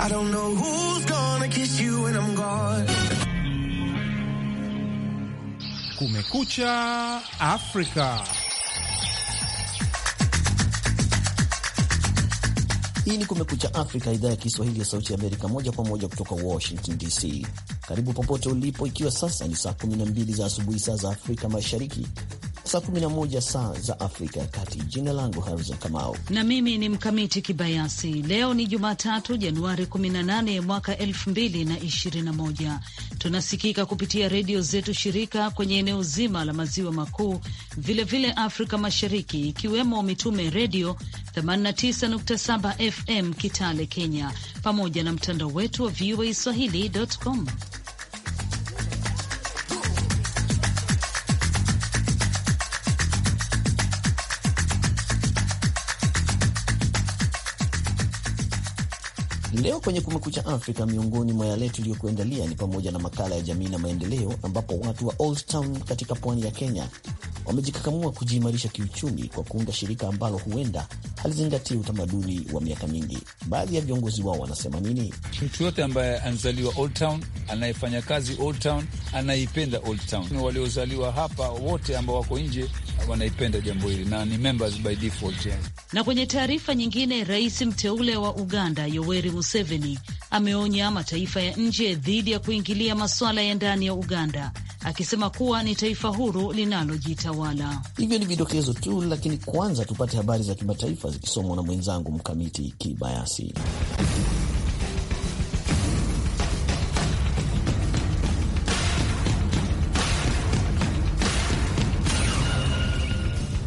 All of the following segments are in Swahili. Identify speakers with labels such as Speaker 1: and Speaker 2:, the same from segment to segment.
Speaker 1: I don't know who's gonna kiss you when I'm gone. Kumekucha Afrika. Hii ni Kumekucha
Speaker 2: Afrika, idhaa ya Kiswahili ya Sauti ya Amerika, moja kwa moja kutoka Washington DC. Karibu popote ulipo, ikiwa sasa ni saa 12 za asubuhi saa za Afrika Mashariki, saa 11 saa za Afrika ya Kati. Jina langu Harrison Kamau
Speaker 3: na mimi ni Mkamiti Kibayasi. Leo ni Jumatatu, Januari 18 mwaka 2021. Tunasikika kupitia redio zetu shirika kwenye eneo zima la maziwa makuu, vilevile Afrika Mashariki, ikiwemo Mitume Redio 89.7 FM Kitale, Kenya, pamoja na mtandao wetu wa VOA swahili.com.
Speaker 2: Leo kwenye Kumekucha Afrika, miongoni mwa yale tuliyokuandalia ni pamoja na makala ya jamii na maendeleo, ambapo watu wa Old Town katika pwani ya Kenya wamejikakamua kujiimarisha kiuchumi kwa kuunda shirika ambalo huenda halizingatii utamaduni wa miaka mingi. Baadhi
Speaker 4: ya viongozi wao wanasema nini? Mtu yote ambaye anazaliwa Old Town, anayefanya kazi Old Town, anaipenda Old Town. Waliozaliwa hapa wote ambao wako nje wanaipenda jambo hili na ni members by default.
Speaker 3: Na kwenye taarifa nyingine, rais mteule wa Uganda Yoweri Museveni ameonya mataifa ya nje dhidi ya kuingilia masuala ya ndani ya Uganda akisema kuwa ni taifa huru linalojitawala. Hivyo ni vidokezo
Speaker 2: tu, lakini kwanza tupate habari za kimataifa zikisomwa na mwenzangu Mkamiti Kibayasi.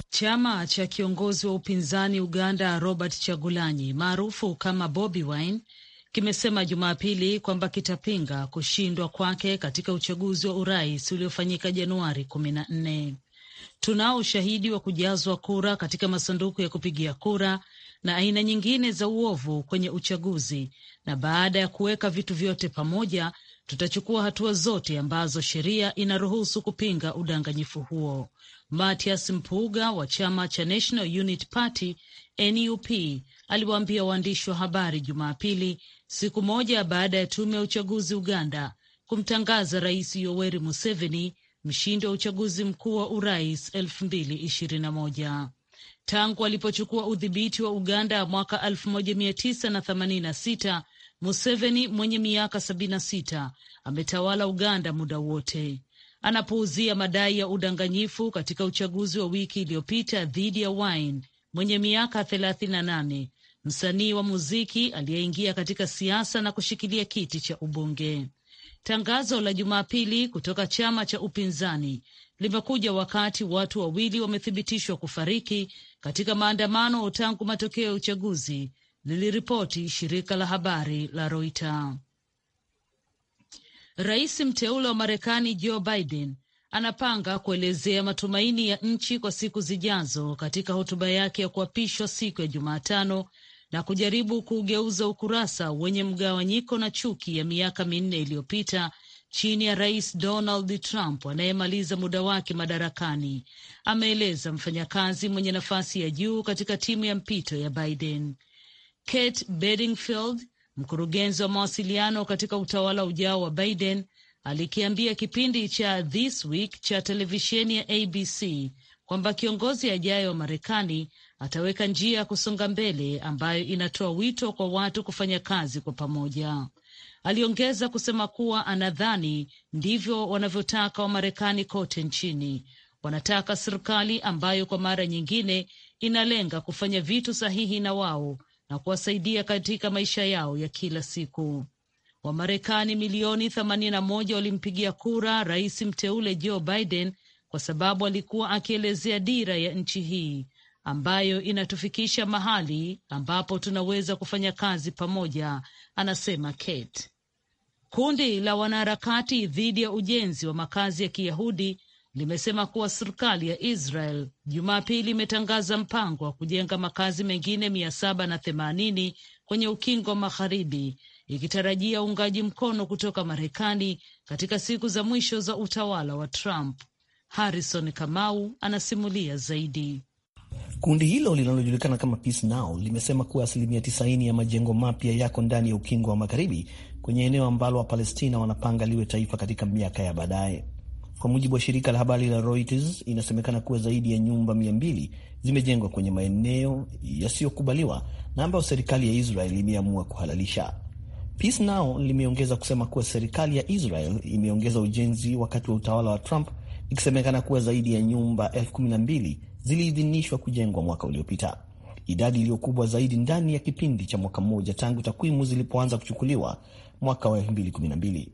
Speaker 3: Chama cha kiongozi wa upinzani Uganda Robert Chagulanyi maarufu kama Bobi Wine kimesema Jumapili kwamba kitapinga kushindwa kwake katika uchaguzi wa urais uliofanyika Januari kumi na nne. Tunao ushahidi wa kujazwa kura katika masanduku ya kupigia kura na aina nyingine za uovu kwenye uchaguzi, na baada ya kuweka vitu vyote pamoja, tutachukua hatua zote ambazo sheria inaruhusu kupinga udanganyifu huo. Matias mpuga wa chama cha National Unity Party NUP aliwaambia waandishi wa habari Jumapili siku moja baada ya tume ya uchaguzi Uganda kumtangaza Rais Yoweri Museveni mshindi wa uchaguzi mkuu wa urais 2021. Tangu alipochukua udhibiti wa Uganda mwaka 1986, Museveni mwenye miaka 76 ametawala Uganda muda wote. Anapuuzia madai ya udanganyifu katika uchaguzi wa wiki iliyopita dhidi ya Wine mwenye miaka msanii wa muziki aliyeingia katika siasa na kushikilia kiti cha ubunge. Tangazo la Jumapili kutoka chama cha upinzani limekuja wakati watu wawili wamethibitishwa kufariki katika maandamano tangu matokeo ya uchaguzi, liliripoti shirika la habari la Reuters. Rais mteule wa Marekani Joe Biden anapanga kuelezea matumaini ya nchi kwa siku zijazo katika hotuba yake ya kuapishwa siku ya Jumatano na kujaribu kuugeuza ukurasa wenye mgawanyiko na chuki ya miaka minne iliyopita chini ya Rais Donald Trump anayemaliza muda wake madarakani, ameeleza mfanyakazi mwenye nafasi ya juu katika timu ya mpito ya Biden, Kate Bedingfield, mkurugenzi wa mawasiliano katika utawala ujao wa Biden alikiambia kipindi cha This Week cha televisheni ya ABC kwamba kiongozi ajayo wa Marekani ataweka njia ya kusonga mbele ambayo inatoa wito kwa watu kufanya kazi kwa pamoja. Aliongeza kusema kuwa anadhani ndivyo wanavyotaka Wamarekani kote nchini. Wanataka serikali ambayo kwa mara nyingine inalenga kufanya vitu sahihi na wao na kuwasaidia katika maisha yao ya kila siku. Wamarekani milioni 81 walimpigia kura rais mteule Joe Biden kwa sababu alikuwa akielezea dira ya nchi hii ambayo inatufikisha mahali ambapo tunaweza kufanya kazi pamoja, anasema Kate. Kundi la wanaharakati dhidi ya ujenzi wa makazi ya Kiyahudi limesema kuwa serikali ya Israel Jumapili imetangaza mpango wa kujenga makazi mengine mia saba na themanini kwenye ukingo wa magharibi ikitarajia uungaji mkono kutoka Marekani katika siku za mwisho za utawala wa Trump. Harrison Kamau anasimulia zaidi.
Speaker 2: Kundi hilo linalojulikana kama Peace Now limesema kuwa asilimia 90 ya majengo mapya yako ndani ya ukingo wa magharibi kwenye eneo ambalo Wapalestina wanapanga liwe taifa katika miaka ya baadaye. Kwa mujibu wa shirika la habari la Reuters, inasemekana kuwa zaidi ya nyumba 200 zimejengwa kwenye maeneo yasiyokubaliwa na ambayo serikali ya Israel imeamua kuhalalisha. Peace Now limeongeza kusema kuwa serikali ya Israel imeongeza ujenzi wakati wa utawala wa Trump, ikisemekana kuwa zaidi ya nyumba elfu ziliidhinishwa kujengwa mwaka uliopita, idadi iliyo kubwa zaidi ndani ya kipindi cha mwaka mmoja tangu takwimu zilipoanza kuchukuliwa mwaka wa 2012.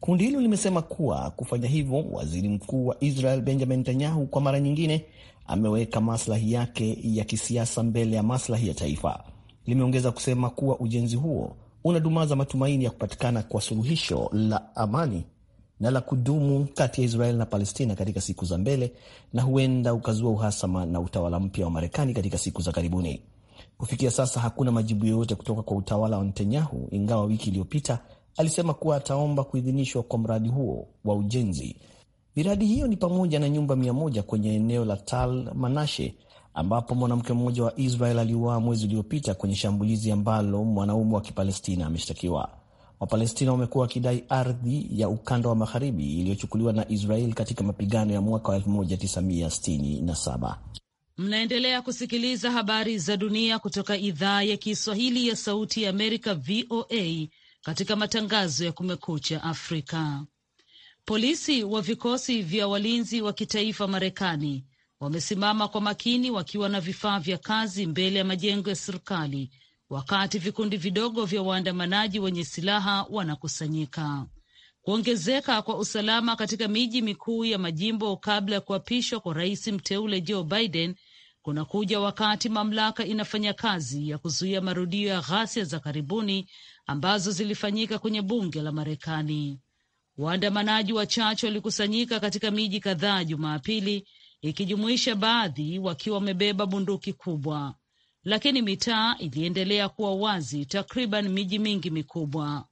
Speaker 2: Kundi hilo limesema kuwa kufanya hivyo, waziri mkuu wa Israel Benjamin Netanyahu kwa mara nyingine ameweka maslahi yake ya kisiasa mbele ya maslahi ya taifa. Limeongeza kusema kuwa ujenzi huo unadumaza matumaini ya kupatikana kwa suluhisho la amani na la kudumu kati ya Israel na Palestina katika siku za mbele na huenda ukazua uhasama na utawala mpya wa Marekani katika siku za karibuni. Kufikia sasa hakuna majibu yoyote kutoka kwa utawala wa Netanyahu, ingawa wiki iliyopita alisema kuwa ataomba kuidhinishwa kwa mradi huo wa ujenzi. Miradi hiyo ni pamoja na nyumba mia moja kwenye eneo la Tal Manashe ambapo mwanamke mmoja wa Israel aliuawa mwezi uliopita kwenye shambulizi ambalo mwanaume wa Kipalestina ameshtakiwa. Wapalestina wamekuwa wakidai ardhi ya ukanda wa magharibi iliyochukuliwa na Israel katika mapigano ya mwaka wa 1967.
Speaker 3: Mnaendelea kusikiliza habari za dunia kutoka idhaa ya Kiswahili ya Sauti ya Amerika, VOA, katika matangazo ya Kumekucha Afrika. Polisi wa vikosi vya walinzi wa kitaifa Marekani wamesimama kwa makini wakiwa na vifaa vya kazi mbele ya majengo ya serikali wakati vikundi vidogo vya waandamanaji wenye silaha wanakusanyika. Kuongezeka kwa usalama katika miji mikuu ya majimbo kabla ya kuapishwa kwa rais mteule Joe Biden kunakuja wakati mamlaka inafanya kazi ya kuzuia marudio ya ghasia za karibuni ambazo zilifanyika kwenye bunge la Marekani. Waandamanaji wachache walikusanyika katika miji kadhaa Jumapili, ikijumuisha baadhi wakiwa wamebeba bunduki kubwa lakini mitaa iliendelea kuwa wazi takriban miji mingi mikubwa.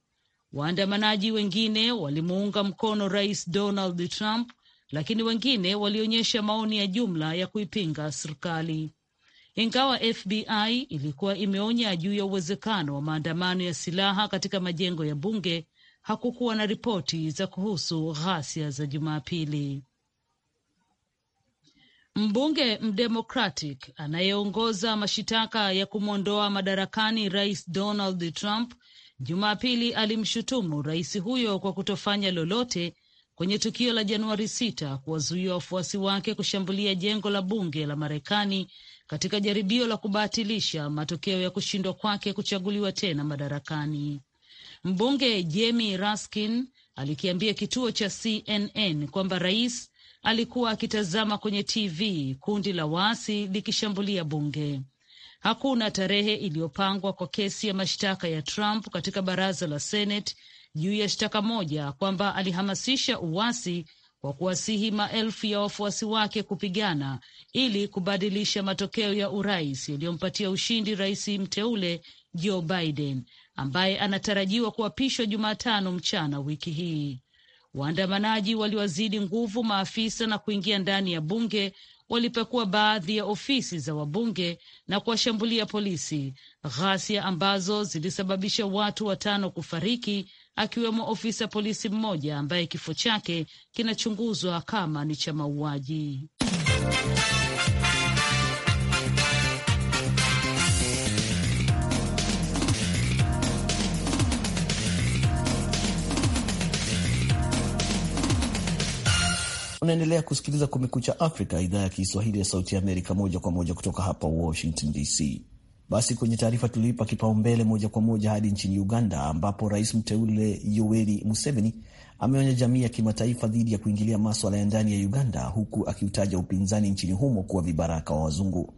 Speaker 3: Waandamanaji wengine walimuunga mkono Rais Donald Trump, lakini wengine walionyesha maoni ya jumla ya kuipinga serikali. Ingawa FBI ilikuwa imeonya juu ya uwezekano wa maandamano ya silaha katika majengo ya bunge, hakukuwa na ripoti za kuhusu ghasia za Jumapili. Mbunge mdemokratic anayeongoza mashitaka ya kumwondoa madarakani Rais Donald Trump Jumapili alimshutumu rais huyo kwa kutofanya lolote kwenye tukio la Januari 6 kuwazuia wafuasi wake kushambulia jengo la bunge la Marekani katika jaribio la kubatilisha matokeo ya kushindwa kwake kuchaguliwa tena madarakani. Mbunge Jamie Raskin alikiambia kituo cha CNN kwamba rais alikuwa akitazama kwenye TV kundi la waasi likishambulia bunge. Hakuna tarehe iliyopangwa kwa kesi ya mashtaka ya Trump katika baraza la Senate juu ya shtaka moja kwamba alihamasisha uasi kwa kuwasihi maelfu ya wafuasi wake kupigana ili kubadilisha matokeo ya urais yaliyompatia ushindi rais mteule Joe Biden ambaye anatarajiwa kuapishwa Jumatano mchana wiki hii. Waandamanaji waliwazidi nguvu maafisa na kuingia ndani ya bunge, walipekua baadhi ya ofisi za wabunge na kuwashambulia polisi, ghasia ambazo zilisababisha watu watano kufariki akiwemo ofisa polisi mmoja ambaye kifo chake kinachunguzwa kama ni cha mauaji.
Speaker 2: Unaendelea kusikiliza Kumekucha Afrika, idhaa ya Kiswahili ya Sauti ya Amerika, moja kwa moja kutoka hapa Washington DC. Basi kwenye taarifa tuliipa kipaumbele moja kwa moja hadi nchini Uganda, ambapo rais mteule Yoweri Museveni ameonya jamii ya kimataifa dhidi ya kuingilia maswala ya ndani ya Uganda, huku akiutaja upinzani nchini humo kuwa vibaraka wa wazungu.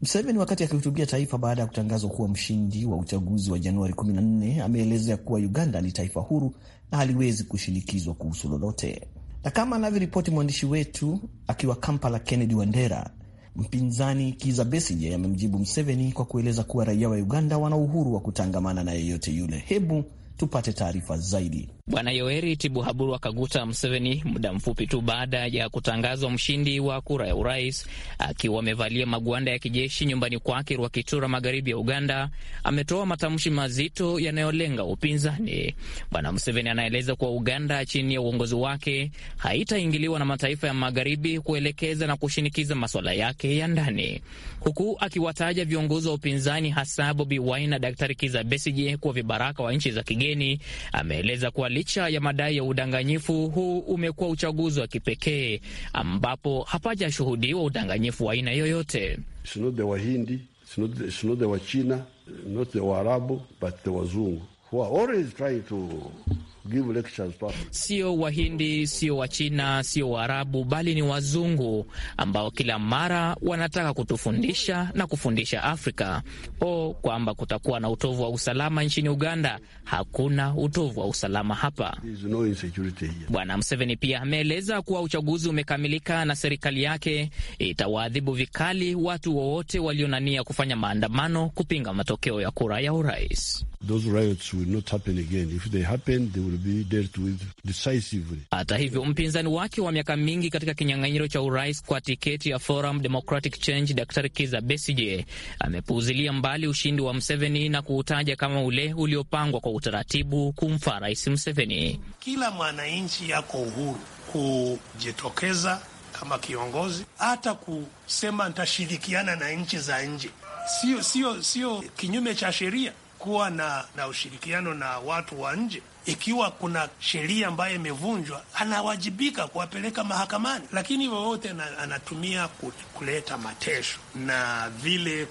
Speaker 2: Museveni wakati akihutubia taifa baada ya kutangazwa kuwa mshindi wa uchaguzi wa Januari 14 ameelezea kuwa Uganda ni taifa huru na haliwezi kushinikizwa kuhusu lolote. Na kama anavyoripoti mwandishi wetu akiwa Kampala, Kennedy Wandera, mpinzani Kiza Besigye amemjibu mseveni kwa kueleza kuwa raia wa Uganda wana uhuru wa kutangamana na yeyote yule. Hebu tupate taarifa zaidi.
Speaker 5: Bwana tibu Tibuhaburwa Kaguta Museveni muda mfupi tu baada ya kutangazwa mshindi wa kura ya urais akiwa amevalia magwanda ya kijeshi nyumbani kwake Rwakitura, magharibi ya Uganda, ametoa matamshi mazito yanayolenga upinzani. Bwana Museveni anaeleza kuwa Uganda chini ya uongozi wake haitaingiliwa na mataifa ya magharibi kuelekeza na kushinikiza maswala yake ya ndani, huku akiwataja viongozi wa upinzani hasa Bobi Wine na Daktari Kiza Besigye kuwa vibaraka wa nchi za kigeni. Ameeleza kuwa licha ya madai ya udanganyifu, huu umekuwa uchaguzi wa kipekee ambapo hapajashuhudiwa udanganyifu wa aina yoyote.
Speaker 6: Sinode sinode not the Waarabu but the Wazungu who are always trying to give lectures.
Speaker 5: Sio Wahindi, sio Wachina, sio Waarabu, bali ni wazungu ambao kila mara wanataka kutufundisha na kufundisha Afrika o kwamba kutakuwa na utovu wa usalama nchini Uganda. Hakuna utovu wa usalama hapa. No Bwana Mseveni pia ameeleza kuwa uchaguzi umekamilika na serikali yake itawaadhibu vikali watu wowote walionania kufanya maandamano kupinga matokeo ya kura ya urais.
Speaker 6: Those riots will not happen again. If they happen, they will hata hivyo,
Speaker 5: mpinzani wake wa miaka mingi katika kinyang'anyiro cha urais kwa tiketi ya Forum Democratic Change, Dr. Kiza Besije amepuuzilia mbali ushindi wa Mseveni na kuutaja kama ule uliopangwa kwa utaratibu kumfaa Rais Mseveni.
Speaker 1: Kila mwananchi yako uhuru kujitokeza kama kiongozi, hata kusema ntashirikiana na nchi za nje. Sio, sio, sio kinyume cha sheria kuwa na, na ushirikiano na watu wa nje ikiwa kuna sheria ambayo imevunjwa, anawajibika kuwapeleka mahakamani, lakini wowote anatumia kuleta matesho na vile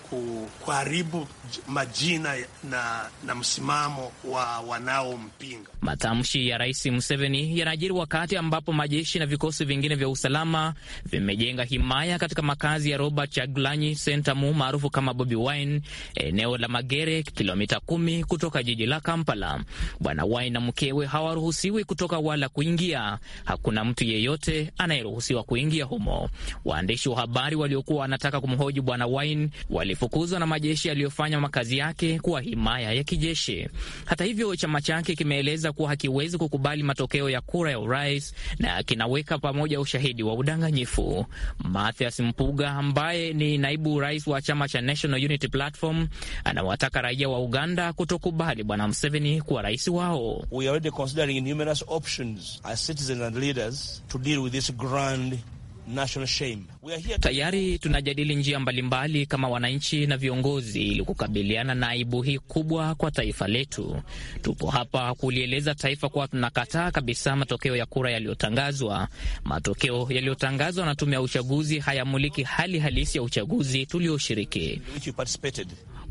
Speaker 1: kuharibu majina na, na msimamo wa wanaompinga.
Speaker 5: Matamshi ya Rais Museveni yanajiri wakati ambapo majeshi na vikosi vingine vya usalama vimejenga himaya katika makazi ya Robert Chagulanyi Sentamu maarufu kama Bobi Wine, eneo la Magere, kilomita kumi kutoka jiji la Kampala. Bwana Wine mkewe hawaruhusiwi kutoka wala kuingia. Hakuna mtu yeyote anayeruhusiwa kuingia humo. Waandishi wa habari waliokuwa wanataka kumhoji bwana Wine walifukuzwa na majeshi yaliyofanya makazi yake kuwa himaya ya kijeshi. Hata hivyo, chama chake kimeeleza kuwa hakiwezi kukubali matokeo ya kura ya urais na kinaweka pamoja ushahidi wa udanganyifu. Mathias Mpuga ambaye ni naibu rais wa chama cha National Unity Platform anawataka raia wa Uganda kutokubali bwana Museveni kuwa rais wao we are already considering numerous options as citizens and
Speaker 1: leaders to deal with this grand national shame.
Speaker 5: We are here to... Tayari tunajadili njia mbalimbali kama wananchi na viongozi ili kukabiliana na aibu hii kubwa kwa taifa letu. Tupo hapa kulieleza taifa kuwa tunakataa kabisa matokeo ya kura yaliyotangazwa. Matokeo yaliyotangazwa na tume ya uchaguzi hayamuliki hali halisi ya uchaguzi tulioshiriki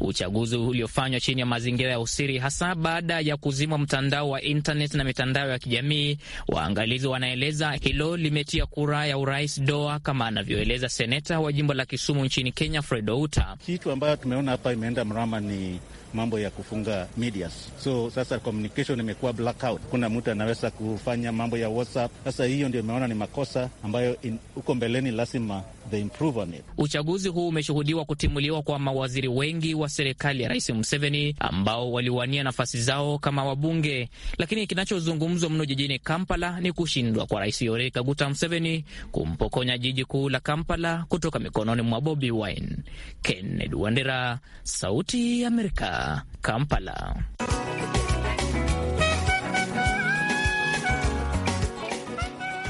Speaker 5: uchaguzi uliofanywa chini ya mazingira ya usiri, hasa baada ya kuzimwa mtandao wa intnet na mitandao ya kijamii. Waangalizi wanaeleza hilo limetia kura ya urais doa, kama anavyoeleza seneta wa jimbo la Kisumu nchini Kenya, Fred Outa.
Speaker 1: Kitu ambayo tumeona hapa imeenda mrama ni mambo ya kufunga medias. So sasa communication imekuwa blackout, kuna mtu anaweza kufanya mambo ya WhatsApp. Sasa hiyo ndio imeona ni makosa ambayo huko mbeleni lazima they improve on it.
Speaker 5: Uchaguzi huu umeshuhudiwa kutimuliwa kwa mawaziri wengi wa serikali ya Rais Museveni ambao waliwania nafasi zao kama wabunge, lakini kinachozungumzwa mno jijini Kampala ni kushindwa kwa Rais Yoweri Kaguta Museveni kumpokonya jiji kuu la Kampala kutoka mikononi mwa Bobi Wine. Kennedy Wandera, Sauti ya Amerika. Kampala.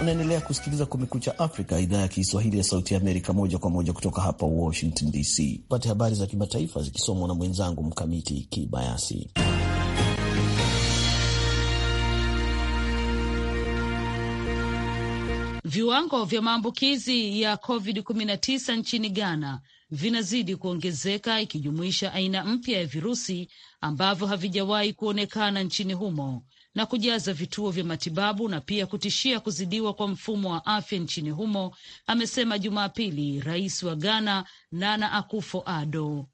Speaker 2: Unaendelea kusikiliza Kumekucha Afrika, idhaa ya Kiswahili ya Sauti ya Amerika, moja kwa moja kutoka hapa Washington DC. Pate habari za kimataifa zikisomwa na mwenzangu Mkamiti Kibayasi.
Speaker 3: Viwango vya maambukizi ya COVID-19 nchini Ghana vinazidi kuongezeka ikijumuisha aina mpya ya virusi ambavyo havijawahi kuonekana nchini humo na kujaza vituo vya matibabu na pia kutishia kuzidiwa kwa mfumo wa afya nchini humo, amesema Jumapili Rais wa Ghana Nana Akufo-Addo.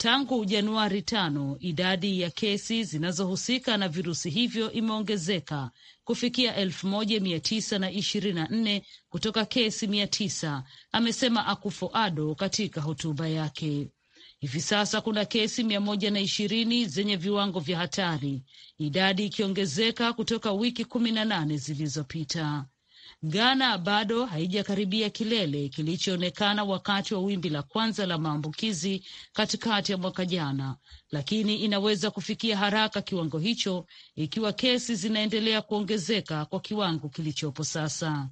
Speaker 3: Tangu Januari tano, idadi ya kesi zinazohusika na virusi hivyo imeongezeka kufikia elfu moja mia tisa na ishirini na nne kutoka kesi mia tisa, amesema akufo ado katika hotuba yake. Hivi sasa kuna kesi mia moja na ishirini zenye viwango vya hatari, idadi ikiongezeka kutoka wiki kumi na nane zilizopita. Ghana bado haijakaribia kilele kilichoonekana wakati wa wimbi la kwanza la maambukizi katikati ya mwaka jana, lakini inaweza kufikia haraka kiwango hicho ikiwa kesi zinaendelea kuongezeka kwa kiwango kilichopo sasa.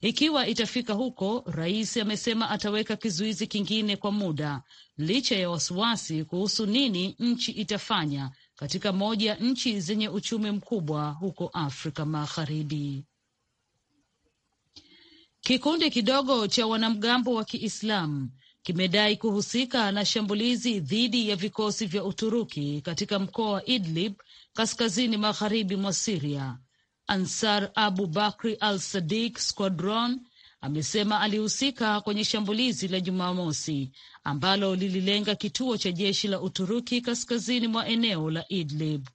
Speaker 3: Ikiwa itafika huko, rais amesema ataweka kizuizi kingine kwa muda, licha ya wasiwasi kuhusu nini nchi itafanya katika moja ya nchi zenye uchumi mkubwa huko Afrika Magharibi. Kikundi kidogo cha wanamgambo wa Kiislamu kimedai kuhusika na shambulizi dhidi ya vikosi vya Uturuki katika mkoa wa Idlib kaskazini magharibi mwa Siria. Ansar Abu Bakri Al sadik Squadron amesema alihusika kwenye shambulizi la Jumamosi ambalo lililenga kituo cha jeshi la Uturuki kaskazini mwa eneo la Idlib.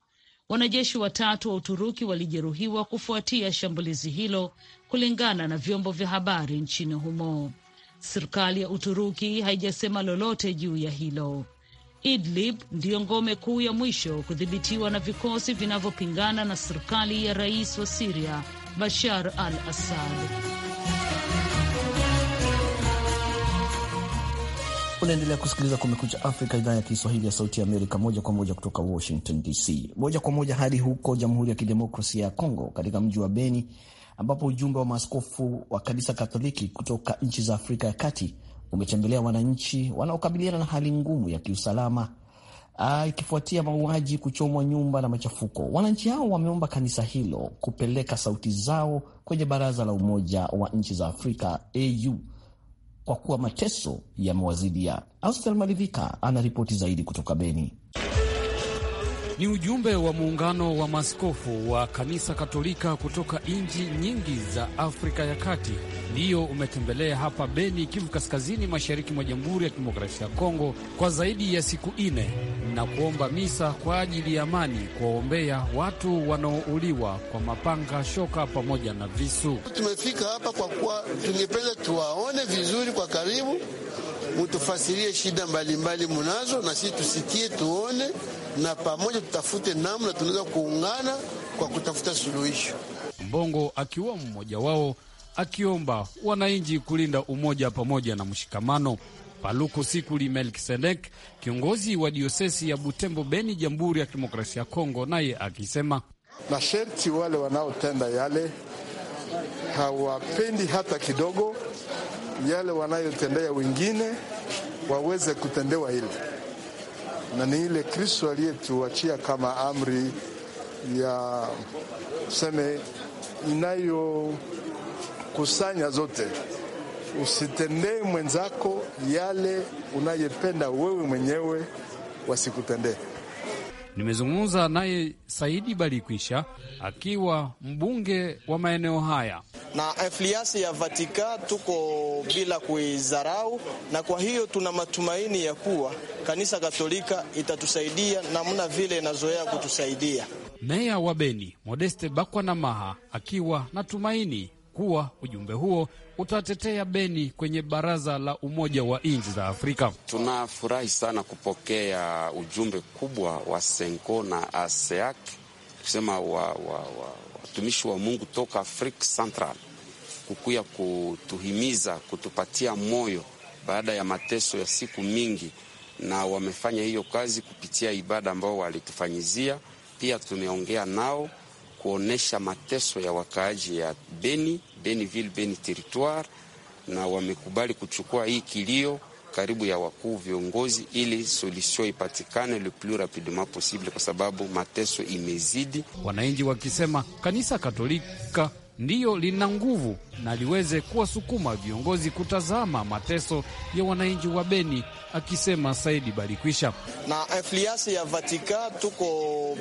Speaker 3: Wanajeshi watatu wa Uturuki walijeruhiwa kufuatia shambulizi hilo, kulingana na vyombo vya habari nchini humo. Serikali ya Uturuki haijasema lolote juu ya hilo. Idlib ndiyo ngome kuu ya mwisho kudhibitiwa na vikosi vinavyopingana na serikali ya rais wa Siria Bashar al-Assad.
Speaker 2: Unaendelea kusikiliza Kumekucha Afrika, idhaa ya Kiswahili ya Sauti ya Amerika, moja kwa moja kutoka Washington DC, moja kwa moja hadi huko Jamhuri ya Kidemokrasia ya congo katika mji wa Beni, ambapo ujumbe wa maaskofu wa kanisa Katoliki kutoka nchi za Afrika ya Kati umetembelea wananchi wanaokabiliana na hali ngumu ya kiusalama ah, ikifuatia mauaji, kuchomwa nyumba na machafuko. Wananchi hao wameomba kanisa hilo kupeleka sauti zao kwenye Baraza la Umoja wa Nchi za Afrika au kwa kuwa mateso yamewazidia. Austel Malivika ana ripoti zaidi kutoka Beni.
Speaker 6: Ni ujumbe wa muungano wa maskofu wa kanisa Katolika kutoka nchi nyingi za Afrika ya Kati ndiyo umetembelea hapa Beni, Kivu Kaskazini, mashariki mwa Jamhuri ya Kidemokrasia ya Kongo kwa zaidi ya siku nne na kuomba misa kwa ajili ya amani, kuwaombea watu wanaouliwa kwa mapanga, shoka pamoja na visu. Tumefika hapa kwa kuwa tungependa tuwaone vizuri kwa karibu, mutufasirie shida mbalimbali mbali munazo, na sisi tusikie tuone na pamoja tutafute namna tunaweza kuungana kwa kutafuta suluhisho. Mbongo akiwa mmoja wao akiomba wananchi kulinda umoja pamoja na mshikamano. Paluku Sikuli Melkisedek, kiongozi wa diosesi ya Butembo Beni, Jamhuri ya Kidemokrasia ya Kongo, naye akisema na sherti wale wanaotenda yale hawapendi hata kidogo yale wanayotendea wengine waweze kutendewa ile na ni ile Kristo aliyetuachia kama amri ya seme inayokusanya zote, usitendee mwenzako yale unayependa wewe mwenyewe wasikutendee. Nimezungumza naye Saidi Balikwisha akiwa mbunge wa maeneo haya.
Speaker 2: Na afliasi ya Vatika tuko bila kuidharau, na kwa hiyo tuna matumaini ya kuwa kanisa Katolika itatusaidia namna vile inazoea
Speaker 6: kutusaidia. Meya wa Beni Modeste Bakwa Maha akiwa na tumaini kuwa ujumbe huo utatetea Beni kwenye baraza la Umoja wa Nchi za Afrika. Tunafurahi sana kupokea ujumbe kubwa wa Senko na ASEAK kusema watumishi wa, wa, wa, wa Mungu toka Afrika Central kukuya kutuhimiza kutupatia moyo baada ya mateso ya siku mingi, na wamefanya hiyo kazi kupitia ibada ambao walitufanyizia. Pia tumeongea nao kuonesha mateso ya wakaaji ya Beni, Beni Ville, Beni Territoire, na wamekubali kuchukua hii kilio karibu ya wakuu viongozi, ili solution ipatikane le plus rapidement possible, kwa sababu mateso imezidi, wananchi wakisema kanisa Katolika ndiyo lina nguvu na liweze kuwasukuma viongozi kutazama mateso ya wananchi wa Beni, akisema Saidi Balikwisha.
Speaker 2: Na influence ya Vatika tuko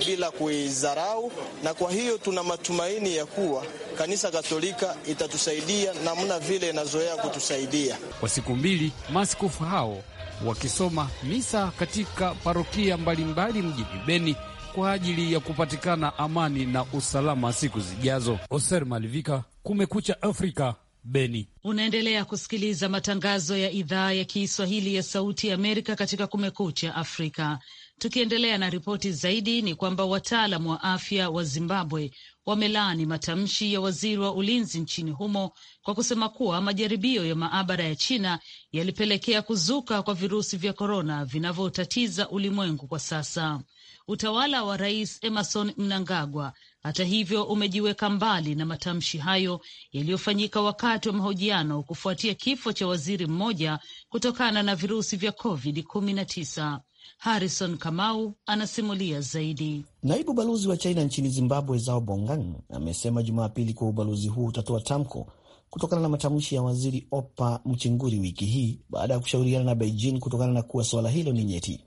Speaker 2: bila kuidharau, na kwa hiyo tuna matumaini ya kuwa kanisa Katolika itatusaidia namna vile inazoea kutusaidia.
Speaker 6: Kwa siku mbili maskofu hao wakisoma misa katika parokia mbalimbali mjini Beni kwa ajili ya kupatikana amani na usalama siku zijazo. Oser Malivika, Kumekucha Afrika, Beni.
Speaker 3: Unaendelea kusikiliza matangazo ya idhaa ya Kiswahili ya Sauti ya Amerika katika Kumekucha Afrika. Tukiendelea na ripoti zaidi, ni kwamba wataalam wa afya wa Zimbabwe wamelaani matamshi ya waziri wa ulinzi nchini humo kwa kusema kuwa majaribio ya maabara ya China yalipelekea kuzuka kwa virusi vya korona vinavyotatiza ulimwengu kwa sasa. Utawala wa Rais Emerson Mnangagwa hata hivyo umejiweka mbali na matamshi hayo yaliyofanyika wakati wa mahojiano kufuatia kifo cha waziri mmoja kutokana na virusi vya COVID-19. Harrison Kamau anasimulia zaidi.
Speaker 2: Naibu balozi wa China nchini Zimbabwe, Zao Bongang, amesema Jumapili kuwa ubalozi huu utatoa tamko kutokana na matamshi ya waziri Opa Mchinguri wiki hii baada ya kushauriana na Beijing kutokana na kuwa suala hilo ni nyeti.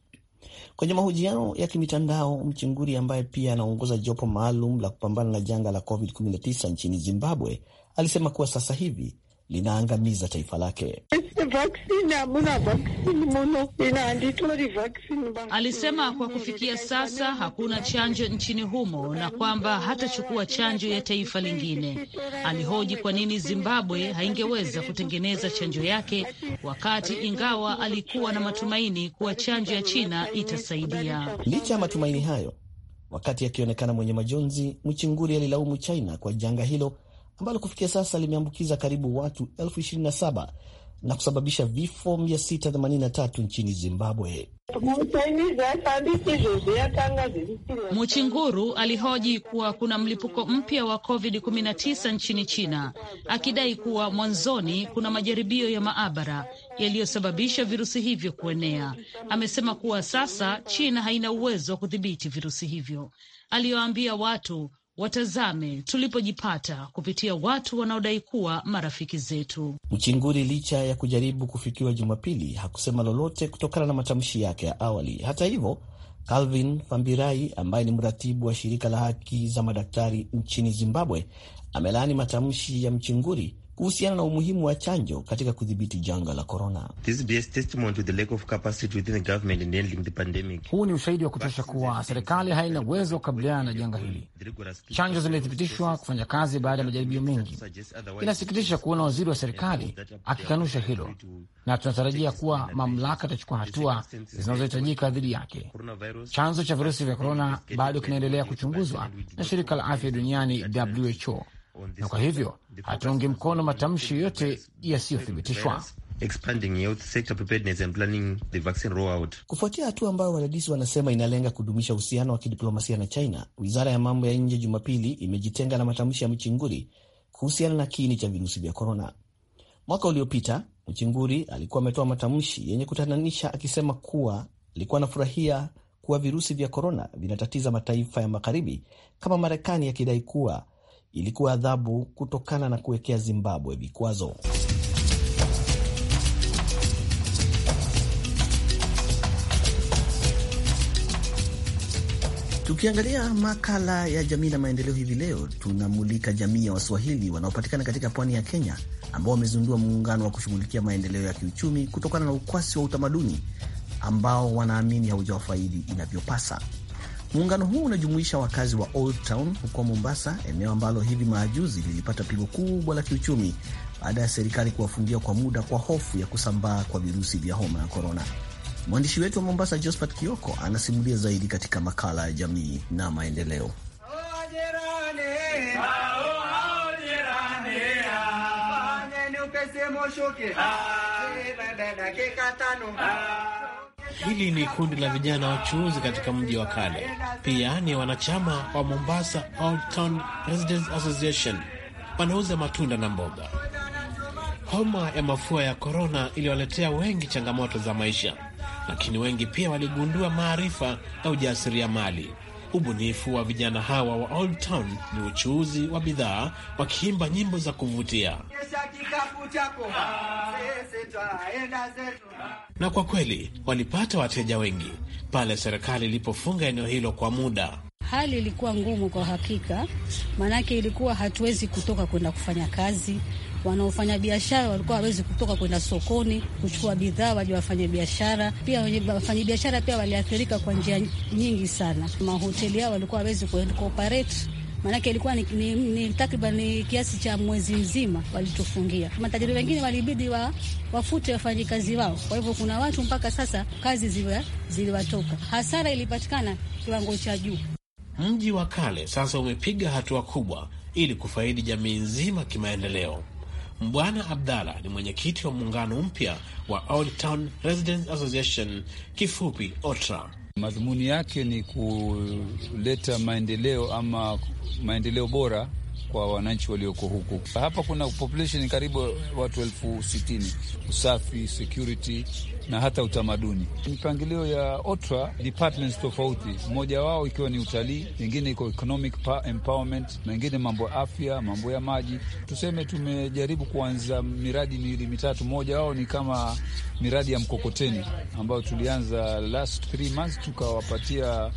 Speaker 2: Kwenye mahojiano ya kimitandao, Mchinguri ambaye pia anaongoza jopo maalum la kupambana na janga la COVID-19 nchini Zimbabwe alisema kuwa sasa hivi linaangamiza taifa lake
Speaker 3: vaksini hamuna vaksini muno ina vaksini. Alisema kwa kufikia sasa hakuna chanjo nchini humo na kwamba hatachukua chanjo ya taifa lingine. Alihoji kwa nini Zimbabwe haingeweza kutengeneza chanjo yake, wakati ingawa alikuwa na matumaini kuwa chanjo ya China itasaidia.
Speaker 2: Licha ya matumaini hayo, wakati akionekana mwenye majonzi, Mchinguri alilaumu China kwa janga hilo ambalo kufikia sasa limeambukiza karibu watu elfu 27 na kusababisha vifo 683 nchini Zimbabwe.
Speaker 3: Muchinguru alihoji kuwa kuna mlipuko mpya wa COVID-19 nchini China, akidai kuwa mwanzoni kuna majaribio ya maabara yaliyosababisha virusi hivyo kuenea. Amesema kuwa sasa China haina uwezo wa kudhibiti virusi hivyo. Aliyoambia watu watazame tulipojipata kupitia watu wanaodai kuwa marafiki zetu.
Speaker 2: Mchinguri licha ya kujaribu kufikiwa Jumapili hakusema lolote kutokana na matamshi yake ya awali. Hata hivyo, Calvin Fambirai ambaye ni mratibu wa shirika la haki za madaktari nchini Zimbabwe amelaani matamshi ya Mchinguri kuhusiana na umuhimu wa chanjo katika kudhibiti janga la korona.
Speaker 1: Huu ni ushahidi wa kutosha kuwa serikali haina uwezo wa kukabiliana na janga hili. Chanjo zimethibitishwa kufanya kazi baada ya majaribio mengi. Inasikitisha kuona waziri wa serikali akikanusha hilo, na tunatarajia kuwa mamlaka itachukua hatua zinazohitajika dhidi yake. Chanzo cha virusi vya korona bado kinaendelea kuchunguzwa na shirika la afya duniani WHO na kwa hivyo hatuungi mkono matamshi yoyote yasiyothibitishwa.
Speaker 2: Kufuatia hatua ambayo wadadisi wanasema inalenga kudumisha uhusiano wa kidiplomasia na China, wizara ya mambo ya nje Jumapili imejitenga na matamshi ya Mchinguri kuhusiana na kiini cha virusi vya korona. Mwaka uliopita Mchinguri alikuwa ametoa matamshi yenye kutatanisha akisema kuwa alikuwa anafurahia kuwa virusi vya korona vinatatiza mataifa ya magharibi kama Marekani, yakidai kuwa ilikuwa adhabu kutokana na kuwekea Zimbabwe vikwazo. Tukiangalia makala ya jamii na maendeleo hivi leo, tunamulika jamii ya Waswahili wanaopatikana katika pwani ya Kenya ambao wamezindua muungano wa kushughulikia maendeleo ya kiuchumi kutokana na ukwasi wa utamaduni ambao wanaamini haujawafaidi inavyopasa. Muungano huu unajumuisha wakazi wa Old Town huko Mombasa, eneo ambalo hivi majuzi lilipata pigo kubwa la kiuchumi baada ya serikali kuwafungia kwa muda kwa hofu ya kusambaa kwa virusi vya homa ya korona. Mwandishi wetu wa Mombasa, Josphat Kioko, anasimulia zaidi katika makala ya Jamii na Maendeleo.
Speaker 1: Hili ni kundi la vijana wachuuzi katika mji wa kale, pia ni wanachama wa Mombasa Old Town Residents Association. Wanauza matunda na mboga. Homa ya mafua ya korona iliwaletea wengi changamoto za maisha, lakini wengi pia waligundua maarifa ya ujasiriamali. Ubunifu wa vijana hawa wa Old Town ni uchuuzi wa bidhaa, wakiimba nyimbo za kuvutia na kwa kweli walipata wateja wengi pale serikali ilipofunga eneo hilo kwa muda.
Speaker 3: Hali ilikuwa ngumu kwa hakika, maanake ilikuwa hatuwezi kutoka kwenda kufanya kazi wanaofanya biashara walikuwa hawezi kutoka kwenda sokoni kuchukua bidhaa waje wafanye biashara. Pia biashara pia waliathirika kwa njia nyingi sana. Mahoteli yao walikuwa hawezi kuoperate maanake ilikuwa ni, ni, ni takriban ni kiasi cha mwezi mzima walitufungia. Matajiri wengine walibidi wa, wafute wafanyikazi wao. Kwa hivyo kuna watu mpaka sasa kazi ziliwatoka, hasara ilipatikana kiwango cha juu.
Speaker 1: Mji wa kale sasa umepiga hatua kubwa ili kufaidi jamii nzima kimaendeleo. Mbwana Abdalla ni mwenyekiti wa muungano mpya wa Old Town Residents
Speaker 4: Association, kifupi OTRA. Madhumuni yake ni kuleta maendeleo ama maendeleo bora kwa wananchi walioko huku. Hapa kuna population karibu watu elfu sitini. Usafi, security na hata utamaduni. Mipangilio ya OTRA departments tofauti, mmoja wao ikiwa ni utalii, nyingine iko economic empowerment, mengine mambo ya afya, mambo ya maji. Tuseme tumejaribu kuanza miradi miwili mitatu, mmoja wao ni kama miradi ya mkokoteni ambayo tulianza last three months, tukawapatia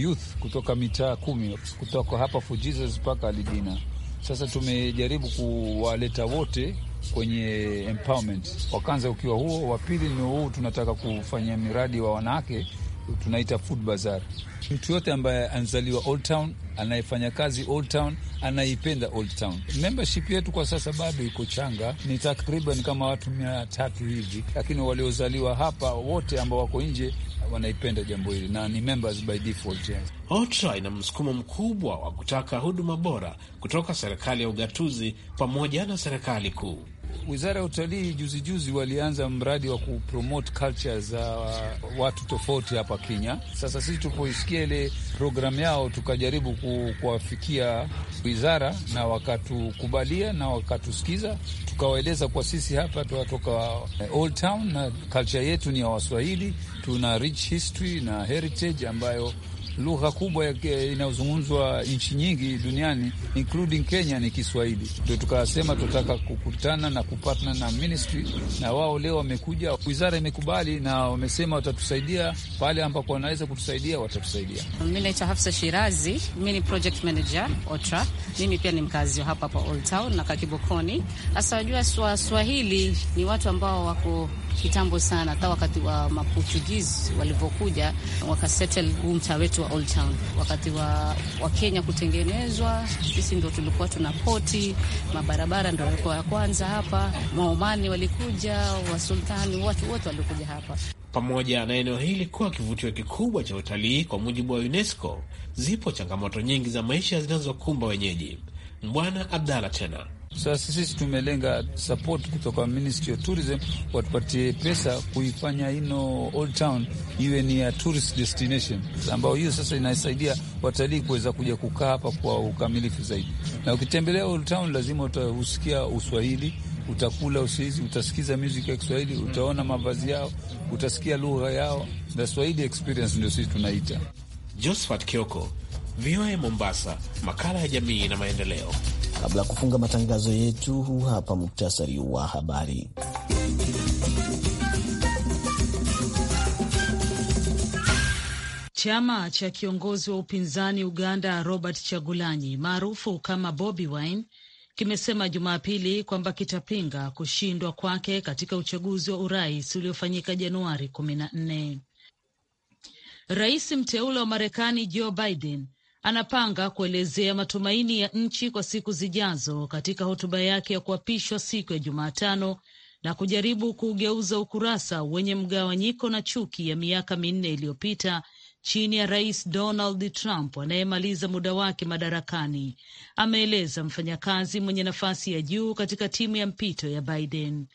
Speaker 4: youth kutoka mitaa kumi kutoka hapa For Jesus mpaka Alidina. Sasa tumejaribu kuwaleta wote kwenye empowerment. Wa kwanza ukiwa huo, wa pili ni huu, tunataka kufanya miradi wa wanawake tunaita food bazaar. Mtu yote ambaye anazaliwa Old Town, anayefanya kazi Old Town, anaipenda Old Town. Membership yetu kwa sasa bado iko changa, ni takriban kama watu mia tatu hivi, lakini waliozaliwa hapa wote ambao wako nje wanaipenda jambo hili na ni members by default yes. OTRA ina
Speaker 1: msukumo mkubwa wa kutaka huduma bora kutoka serikali ya ugatuzi pamoja na serikali kuu.
Speaker 4: Wizara ya utalii juzi juzi walianza mradi wa kupromote culture za watu tofauti hapa Kenya. Sasa sisi tupoisikia ile programu yao, tukajaribu kuwafikia wizara na wakatukubalia na wakatusikiza, tukawaeleza kwa sisi hapa tunatoka eh, Old Town na culture yetu ni ya Waswahili, tuna rich history na heritage ambayo lugha kubwa inayozungumzwa nchi nyingi duniani including Kenya ni Kiswahili. Ndio tukasema tutaka kukutana na kupatana na ministry, na wao leo wamekuja, wizara imekubali na wamesema watatusaidia pale ambapo wanaweza kutusaidia, watatusaidia.
Speaker 3: Mi naitwa Hafsa Shirazi, mi ni project manager OTRA. Mimi pia ni mkazi hapa hapa Old Town na Kakibokoni. Hasa wajua Swahili ni watu ambao wako kitambo sana, hata wakati wa Maportugizi walivyokuja wakasettle huu mtaa wetu wa Old Town, wakati wa, wa Kenya kutengenezwa, sisi ndo tulikuwa tuna poti, mabarabara ndo walikuwa ya kwanza hapa. Maomani walikuja, wasultani, watu wote walikuja hapa
Speaker 1: pamoja na eneo hili kuwa kivutio kikubwa cha utalii kwa mujibu wa UNESCO, zipo
Speaker 4: changamoto nyingi za maisha zinazokumba wenyeji. Bwana Abdalla tena sasa sisi tumelenga support kutoka Ministry of Tourism, watupatie pesa kuifanya ino Old Town iwe ni ya tourist destination, ambayo hiyo sasa inasaidia watalii kuweza kuja kukaa hapa kwa ukamilifu zaidi. Na ukitembelea Old Town lazima utahusikia Uswahili, utakula usizi, utasikiza music ya Kiswahili, hmm. utaona mavazi yao, utasikia lugha yao. na Swahili experience ndio sisi tunaita. Josephat Kioko, VOA Mombasa, makala ya jamii na maendeleo.
Speaker 2: Kabla ya kufunga matangazo yetu, huu hapa muktasari wa habari.
Speaker 3: Chama cha kiongozi wa upinzani Uganda Robert Chagulanyi maarufu kama Bobi Wine kimesema Jumapili kwamba kitapinga kushindwa kwake katika uchaguzi wa urais uliofanyika Januari kumi na nne. Rais mteule wa Marekani Joe Biden anapanga kuelezea matumaini ya nchi kwa siku zijazo katika hotuba yake ya kuapishwa siku ya Jumatano na kujaribu kuugeuza ukurasa wenye mgawanyiko na chuki ya miaka minne iliyopita chini ya Rais Donald Trump anayemaliza muda wake madarakani, ameeleza mfanyakazi mwenye nafasi ya juu katika timu ya mpito ya Biden.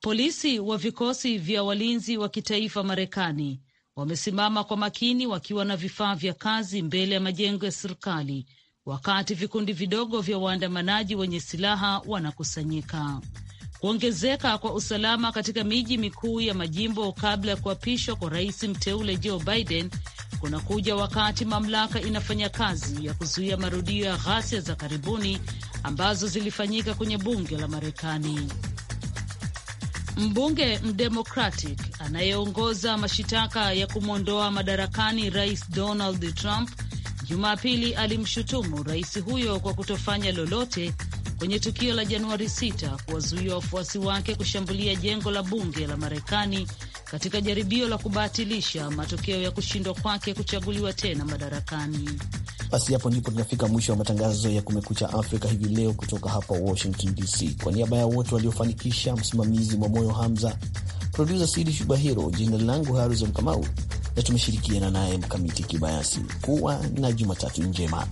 Speaker 3: Polisi wa vikosi vya walinzi wa kitaifa Marekani wamesimama kwa makini wakiwa na vifaa vya kazi mbele ya majengo ya serikali wakati vikundi vidogo vya waandamanaji wenye silaha wanakusanyika. Kuongezeka kwa usalama katika miji mikuu ya majimbo kabla ya kuapishwa kwa rais mteule Joe Biden kunakuja wakati mamlaka inafanya kazi ya kuzuia marudio ya ghasia za karibuni ambazo zilifanyika kwenye bunge la Marekani. Mbunge mdemokratic anayeongoza mashitaka ya kumwondoa madarakani Rais Donald Trump Jumapili alimshutumu rais huyo kwa kutofanya lolote kwenye tukio la Januari 6 kuwazuia wafuasi wake kushambulia jengo la bunge la Marekani katika jaribio la kubatilisha matokeo ya kushindwa kwake kuchaguliwa tena madarakani.
Speaker 2: Basi hapo ndipo tunafika mwisho wa matangazo ya Kumekucha Afrika hivi leo kutoka hapa Washington DC. Kwa niaba ya wote waliofanikisha, msimamizi mwa moyo Hamza, produsa Sidi Shubahiro, jina langu Harizon Kamau na tumeshirikiana naye Mkamiti Kibayasi. Kuwa na Jumatatu njema.